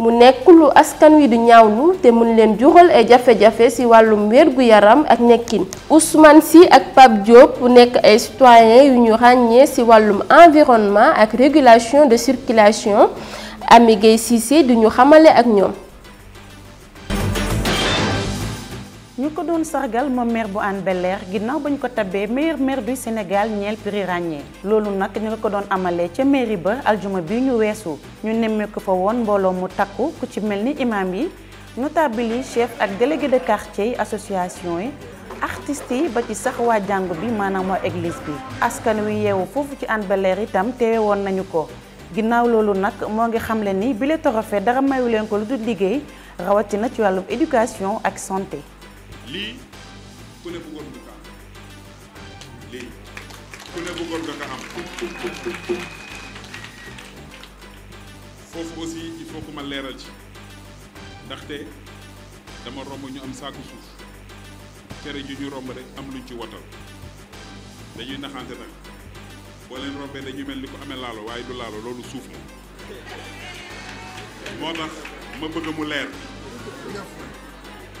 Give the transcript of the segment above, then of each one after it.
mu nekk lu askan wi du ñaawlu te mën leen jural ay jafe-jafe ci wàllum wér-gu-yaram ak nekkin Ousmane Sy ak Pape Diop nekk ay citoyens yu ñu ràññee ci wàllum environnement ak régulation de circulation Ami Gueye Cissé du ñu xamale ak ñoom ñu ko doon sargal moom maire bu Hann bel ginnaaw ba ñu ko tabee meilleur maire du Sénégal ñeel prix ràññee loolu nag ñu nga ko doon amalee ca mairie ba aljuma bi ñu weesu ñu nemmeeku fa woon mbooloo mu takku ku ci mel ni imaam yi notable yi chef ak délégué de quartier yi association yi artistes yi ba ci sax waa jàngu bi maanaam waa église bi askan wi yeewu foofu ci Hann Bel-Air itam teewe woon nañu ko ginnaaw loolu nag moo ngi xamle ni bile trophée dara mayu leen ko lu dul liggéey rawatina ci wàllum éducation ak santé lii ku ne bëggoon nga ko am lii ku foofu ma leeral ci ndaxte dama romb ñu am saaku suuf cere ju ñu romb rek am luñ ci wotal dañuy naxante nag boo leen rombee dañuy mel ni ko amee laalo waaye du laalo loolu suuf la moo tax ma bëgg mu leer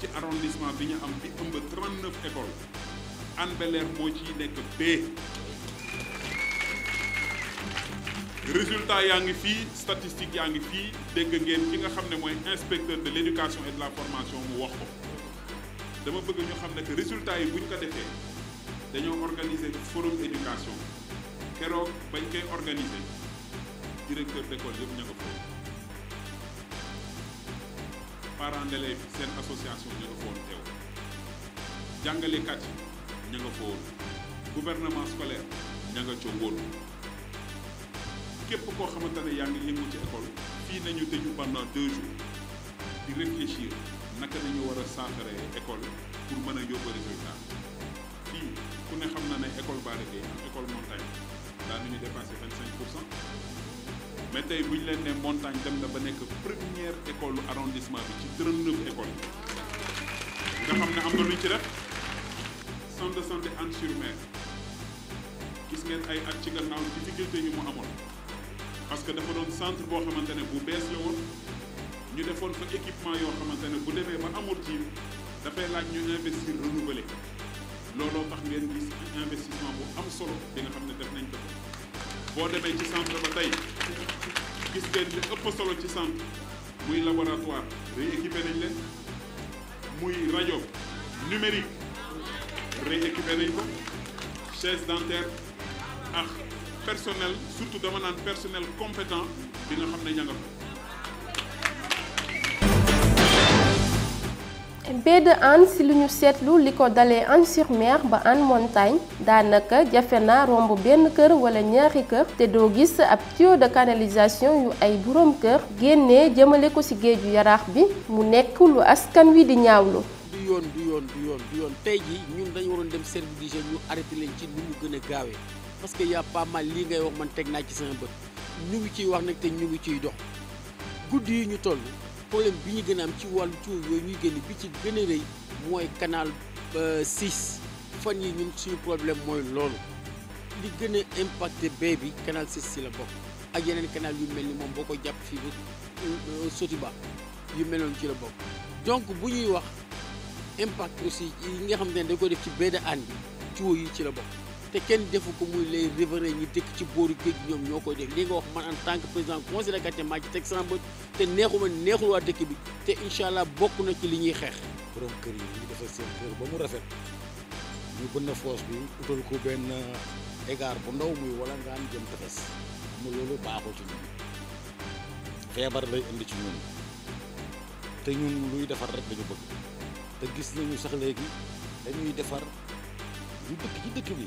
ci arrondissement bi ñu am bi ëmb 39 écoles an belair air moo ciy nekk B résultat yaa ngi fii statistique yaa ngi fii dégg ngeen ki nga xam ne mooy inspecteur de l' éducation et de la formation mu wax ko dama bëgg ñu xam ne que résultat yi buñ ko defee dañoo organiser forum éducation keroog bañ koy organiser directeur d' école yëpp ña ko parents d'élèves seen association ñu nga fowoon teew jàngalekat yi ña nga fowoon gouvernement scolaire ña nga ca woon képp koo xamante ne yaa ngi yëngu ci école fii nañu tëju pendant deux jours di réfléchir naka nañu war a saafara école pour mën a yóbbu résultat fii ku ne xam na ne école Bara Gaye ak école Montagne daa nañu dépassé vingt cinq pour mais tey bu ñu leen ne montagne dem na ba nekk première école arrondissement bi ci 39 écoles nga xam ne am na lu ñu ci def centre de santé Anne sur Mer gis ngeen ay at ci gannaaw difficulté ñu mu amoon parce que dafa doon centre boo xamante ne bu bees la woon ñu defoon fa équipement yoo xamante ne bu demee ba amul ci dafay laaj ñu investir renouveler looloo tax ngeen gis investissement bu am solo bi nga xam ne def nañ ko boo demee ci centre ba tey gis ngeen li ëpp solo ci centre muy laboratoire rééquipé nañ Le muy rajo numérique rééquipé nañ ko Chaises dentaires, personnel surtout dama naan personnel compétent bi nga baie de Hann si lu ñu seetlu li ko dalee hann sur ba Hann Montagne daanaka jafe na romb benn kër wala ñaari kër te doo gis ab tuyau de canalisation yu ay boroom kër génnee jëmale ko ci géeju yaraax bi mu nekk lu askan wi di ñaawlu. du yoon du yoon yoon yoon tey jii ñun dañu waroon dem service d'hygiène ñu arrêté leen ci nu mu gën gaawee parce que y a pas mal lii ngay wax man teg naa ci sama bët ñu ngi ciy wax nag te ñu ngi ciy dox guddi yi ñu toll. problème bi ñu gën am ci wàllu tuyau yooyu ñuy génn bi ci gën a rëy mooy canal 6 euh, fan yi ñun suñu problème mooy loolu li gën a impacté bee bi canal 6 si la bokk ak yeneen canal yu mel ni moom boo ko jàpp fii ba euh, Sotiba yu mel noonu ci la bokk donc bu ñuy wax impact aussi yi nga xam ne dañ ko def ci baie de Hann bi tuyau yi ci la bokk te kenn defu ko muy les riverains ñi dëkk ci booru géej ñoom ñoo koy def li nga wax man en tant que président conseil de quartier maa ci te neexuma neexul waa dëkk bi te incha allah bokk na ci li ñuy xeex. borom kër yi ñu defal seen kër ba mu rafet ñu bënn foos bi utal ko benn égar bu ndaw muy wala ngaan jëm tefes mu loolu baaxul ci ñun feebar lay indi ci ñun te ñun luy defar rek dañu bëgg te gis nañu sax léegi dañuy defar. ñu dëkk ci dëkk bi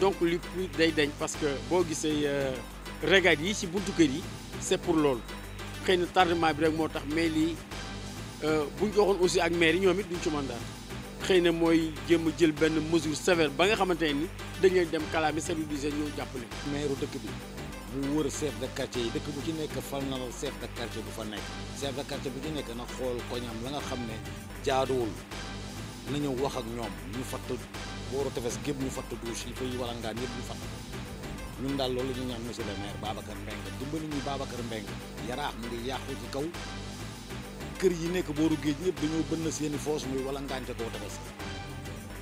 donc li pluie day dañ parce que bo gisee euh, regad yi ci buntu kër yi c'est pour lool xëy tardement bi rek motax tax mais lii euh, buñ ko waxoon aussi ak maire ñomit ñoom duñ ci mën daal xëy na mooy jël ben mesure sévère ba nga xamanteni ni dañ leen dem kalaami service d'hygiène ñëw jappalé maire dëkk bi bu wër chef de quartier dëkk bu ci nekk fal na la chef de quartier bu fa nekk chef de quartier bu ci nekk na xool koñam la nga xamné jaadul jaaduwul na ñëw wax ak ñom ñu fatte booru tefes gépp ñu fatt douche yi fay nga ñepp ñu fatt ñun dal loolu ñu ñaan monsieur le maire babacar mbeng dimbali ñu babacar mbeng yara mu ngi yaaxu ci kaw kër yi nekk booru geej ñepp dañoo bënn seeni foos muy nga ca ko tefes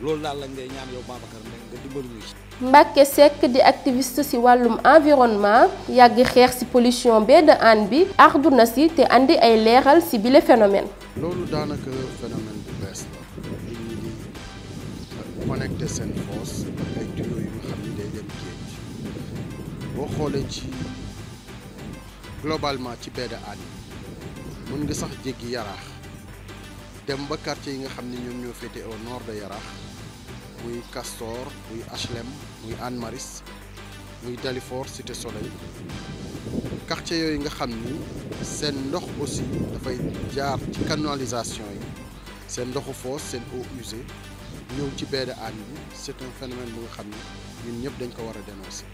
loolu dal la ngay ñaan yow babacar mbeng nga dimbali ñu ci Mbacke sek di activiste ci walum environnement yag xex ci pollution de an bi ardu na ci te andi ay ci bile phénomène loolu phénomène bu bess la connecté seen force ak ay tuyaux yu nga day dem géej boo xoolee ci globalement ci baie de mën nga sax jéggi yara dem ba quartier yi nga xamni ni ñoom ñoo fété au nord de yara muy Castor muy HLM muy anne Maristes muy Dalifort Cité Soleil quartier yoy nga xamni sen ndox aussi da fay jaar ci canalisation yi seen ndoxu foos seen eau usée ñëw ci baie de Hann bi c'est un phénomène bu nga xam ne ñun ñëpp dañ ko war a dénoncer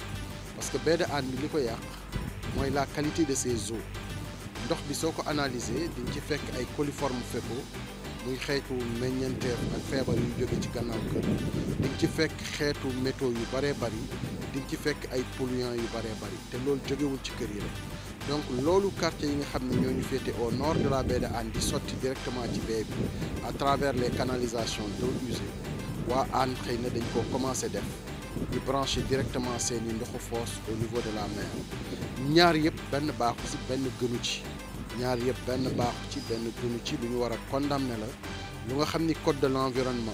parce que baie de Hann bi li ko yàq mooy la qualité de ses eaux ndox bi soo ko analyser diñ ci fekk ay coliformes fécaux muy xeetu meññanteef ak feebar yu jóge ci gannaaw kër diñ ci fekk xeetu métaux yu bëree bari diñ ci fekk ay polluants yu bëree bëri te loolu jógewul ci kër yi rek donc l'eau quartier yi au nord de la baie de directement à travers les canalisations d'eau usée ou commencé directement directement lignes de force au niveau de la mer ñaar avons fait un ci de Nous la code de l'environnement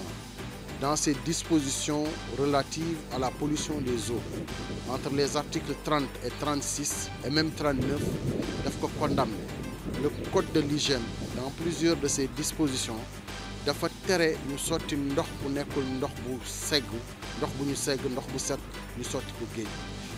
dans ses dispositions relatives à la pollution des eaux entre les articles 30 et 36 et même 39 il ko condamné le code de l'hygiène dans plusieurs de ses dispositions dafa nous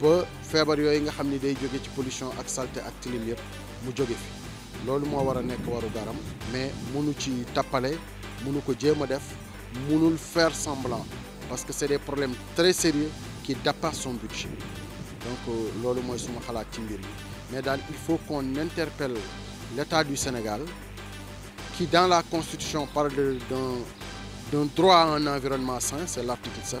ba feebar yooyu nga xamni day jóge ci pollution ak salte ak tilim yépp mu jóge fi loolu moo war waru daram mais munu ci tapalé munu ko jéem def munul faire semblant parce que c'est des problèmes très sérieux qui dépassent son budget donc c'est euh, ce suma xalat ci mbir mais il faut qu'on interpelle l'État du Sénégal qui dans la Constitution parle d'un d'un droit à un environnement sain c'est l'article 7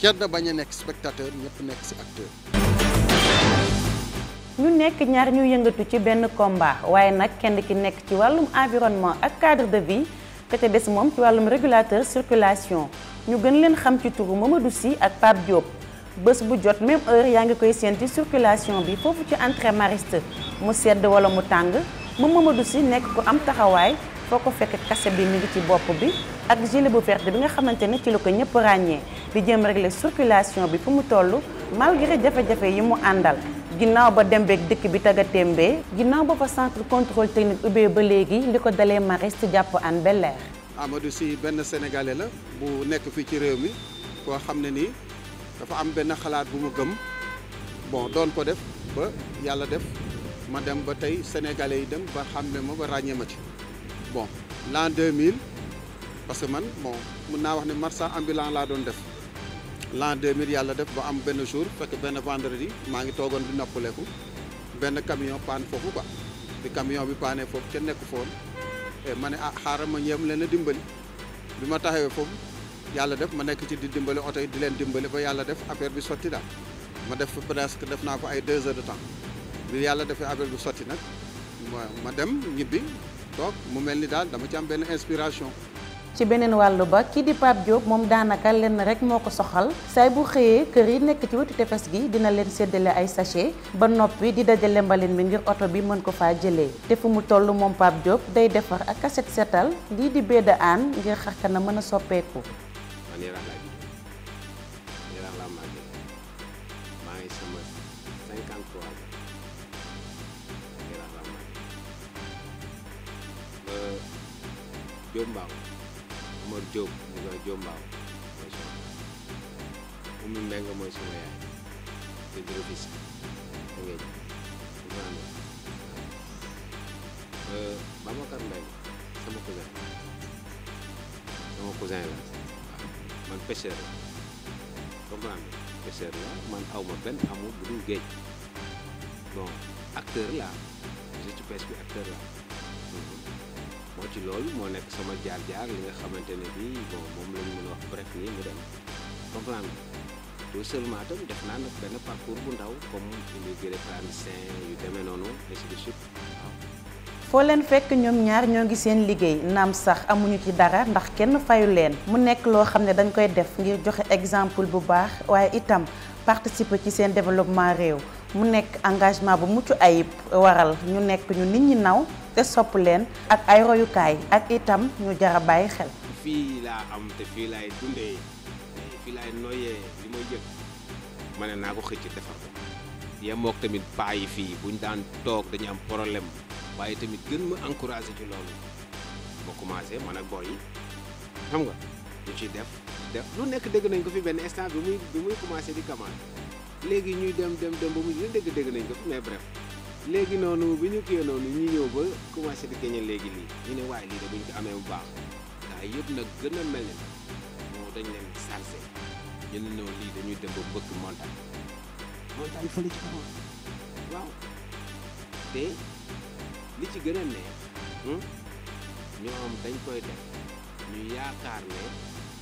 kenn bañ a nekk spectateur ñëpp nekk ñu nekk ñaar ñu yëngatu ci benn combat waaye nag kenn ki nekk ci wàllum environnement ak cadre de vie ka ca moom ci wàllum régulateur circulation ñu gën leen xam ci turu Mamadou Sy ak Pape Diop. bés bu jot même heure yaa ngi koy sénti circulation bi foofu ci entrée Mariste mu sedd wala mu tàng moom Mamadou si nekk ku am taxawaay foo ko fekk kase bi mu ngi ci bopp bi ak gilet bu vert bi nga xamante ne ci la ko ñëpp ràññee. di jëm régler circulation bi fu mu toll malgré jafé jafé yi mu àndal ginnaaw ba dem beeg dëkk bi taga témbee ginnaw ba fa centre contrôle technique ubé ba légui liko dalé dalee Mariste jàpp an Bel-Air Amadou si ben sénégalais la bu nek fi ci réew mi koo xam ne dafa am ben xalaat bu mu gëm bon doon ko def ba yalla def ma dem ba tay sénégalais yi dem ba xamné ma ba ràññee ma ci bon l'an 2000 parce que man bon mun naa wax ne marsa ambulant laa doon def l'an 2000 yàlla def ba am benn jour fekk benn vendredi maa ngi toogoon di noppaleku benn camion paan foofu ba bi camion bi paanee foofu ca nekk foon eh, ma ne ah xaaral ma ñeem leen a dimbali bi ma taxawee foofu yàlla def ma nekk ci di dimbali oto yi di leen dimbali ba yàlla def affaire bi sotti daal ma def presque def naa ko ay deux heures de temps bi yàlla defee affaire bi sotti nag ma ma dem ñibbi toog mu mel ni daal dama ci am benn inspiration ci benen walu ba ki di pap job mom danaka len rek moko soxal say bu xeye keur yi nek ci wuti tefes gi dina len séddale ay sachet ba nopi di dajale mbaleen mi ngir auto bi mën ko fa jëlee te fu mu tollu mom pap job day defar ak cassette setal li di béeda an ngir xar kana mën Jombang mình à? ờ, cái 한번 좀 이거 좀 봐. 그래서 국민 맹거 뭐 있어야 그대로 비싸. 그게 그거는 어 마마 간다. 사먹고 자. 사먹고 자야. 만 pesher. Comprendre. Pesher là man aw ma ben amu bu dul geej. Bon, acteur là, je te pèse acteur là. actor là. ci loolu moo nekk sama jaar-jaar xamante ne bii bu ndaw comme indi foo leen fekk ñoom ñaar ñoo ngi seen liggéey naam sax amuñu ci dara ndax kenn fayu leen mu nekk loo xam ne dañ koy def ngir joxe exemple bu baax waaye itam participer ci seen développement réew mu nekk engagement bu mucc ayib waral ñu nekk ñu nit ñi naw te sopp leen ak ay royukaay ak itam ñu jara bàyyi xel. fii laa am te fii laay dundee fii laay noyyee li may jël ma ne naa ko xëcc defar ko yemook tamit paa yi fii buñ daan toog dañu am problème waaye tamit gën ma encouragé ci loolu ma commencé man ak boy yi xam nga ñu ciy def def lu nekk dégg nañ ko fi benn instant bi muy bi muy di commande léegi ñuy dem dem dem ba mu ñu dégg dégg nañ ko mais bref léegi noonu bi ñu kiyee noonu ñu ñëw ba commencé di gagné léegi lii ñu ne waaye lii de buñ ko amee bu baax daa yëpp nag gën a mel ne moo dañ leen sarse ñu ne noonu lii dañuy dem ba mbëkk montagne montagne fële ci kaw waaw te li ci gën a neex hmm, ñoom dañ koy def ñu yaakaar ne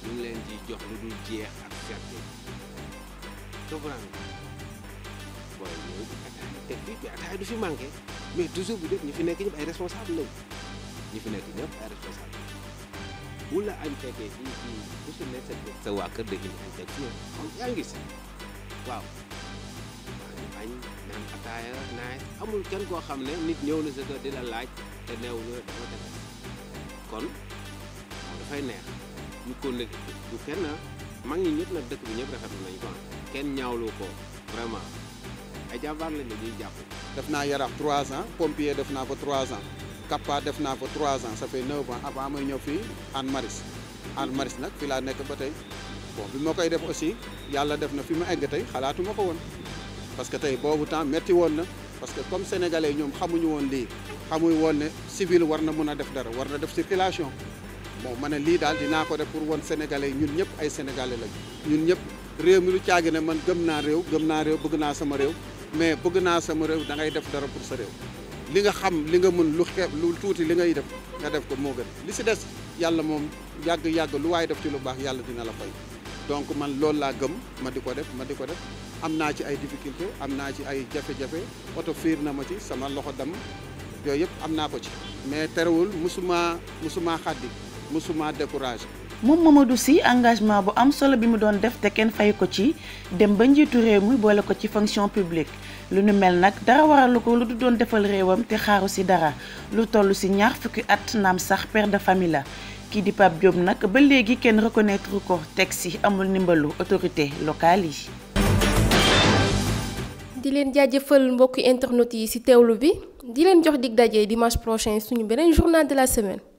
ñu ngi leen ciy jox lu dul jeex ak ferte program waaye ñooñu attaque te fii bi attaque du fi manqué mais toujours bu jot ñi fi nekk ñëpp ay responsable lañ ñi fi nekk ñëpp ay responsable bu la añ fekkee fii fii bu su nekk sa sa waa kër da indi añ fekk fii xam yaa ngi si waaw ñu añ naan ataaya naay amul kenn koo xam ne nit ñëw na sa kër di la laaj te neew ñu dama tefes kon dafay neex ñu ko nekk du kenn mag ñi ñëpp nag dëkk bi ñëpp rafetlu nañ ko kenn ñaawloo ko vraiment ay jabar lañ la ñuy jàpp. def naa yaraax 3 ans pompier def naa fa 3 ans kappa def naa fa 3 ans ça fait 9 ans avant may ñëw fii Anne Maris an Maris nak fi la nekk ba tey bon bi ma koy def aussi yàlla def na fi ma egg tey xalaatuma ko woon parce que tey boobu temps metti woon na parce que comme sénégalais ñoom xamuñu woon lii xamuñu woon ne civil war na mën a def dara war na def circulation. bon ma ne lii daal dinaa ko def pour won sénégalais ñun ñëpp ay sénégalais lañu ñun ñëpp réew mi lu caagi ne man gëm naa réew gëm naa réew bëgg naa sama réew mais bëgg naa sama réew da ngay def dara pour sa réew li nga xam li nga mën lu tuuti li ngay def nga def ko moo gën li si des yàlla moom yàgg-yàgg lu waaye def ci lu baax yàlla dina la fay donc man loolu laa gëm ma di ko def ma di ko def am naa ci ay difficulté am naa ci ay jafe-jafe oto fiir na ma ci sama loxo dam yooyu yëpp am naa ko ci mais terewul musuma musuma xaddi mësuma découragé. mom Mamadou si engagement bu am solo bi mu doon def te ken fay ko ci dem ba njiitu réew mi ko ci fonction publique lu nu mel nak dara waralu ko lu du doon defal réewam te xaaru si dara lu tollu si ñaar fukki at naam sax père de famille la. kii di pap Diop nak ba légui ken reconnaître ko teg amul nimbalu autorité locale yi. di len jaajëfal mbokk internet yi si teewlu bi di len jox dig dajé dimanche prochain suñu beneen journal de la semaine.